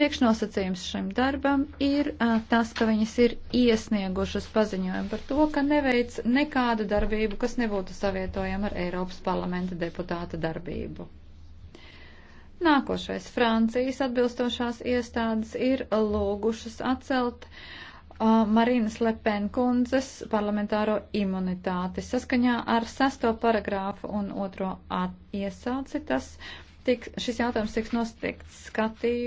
Priekšnosacījums šim darbam ir uh, tas, ka viņas ir iesniegušas paziņojumu par to, ka neveic nekādu darbību, kas nebūtu savietojama ar Eiropas parlamenta deputāta darbību. Nākošais Francijas atbilstošās iestādes ir lūgušas atcelt uh, Marinas Lepen kundzes parlamentāro imunitāti. Saskaņā ar sesto paragrāfu un otro iesauci tas tik, šis jautājums tiks nostiekts skatījums.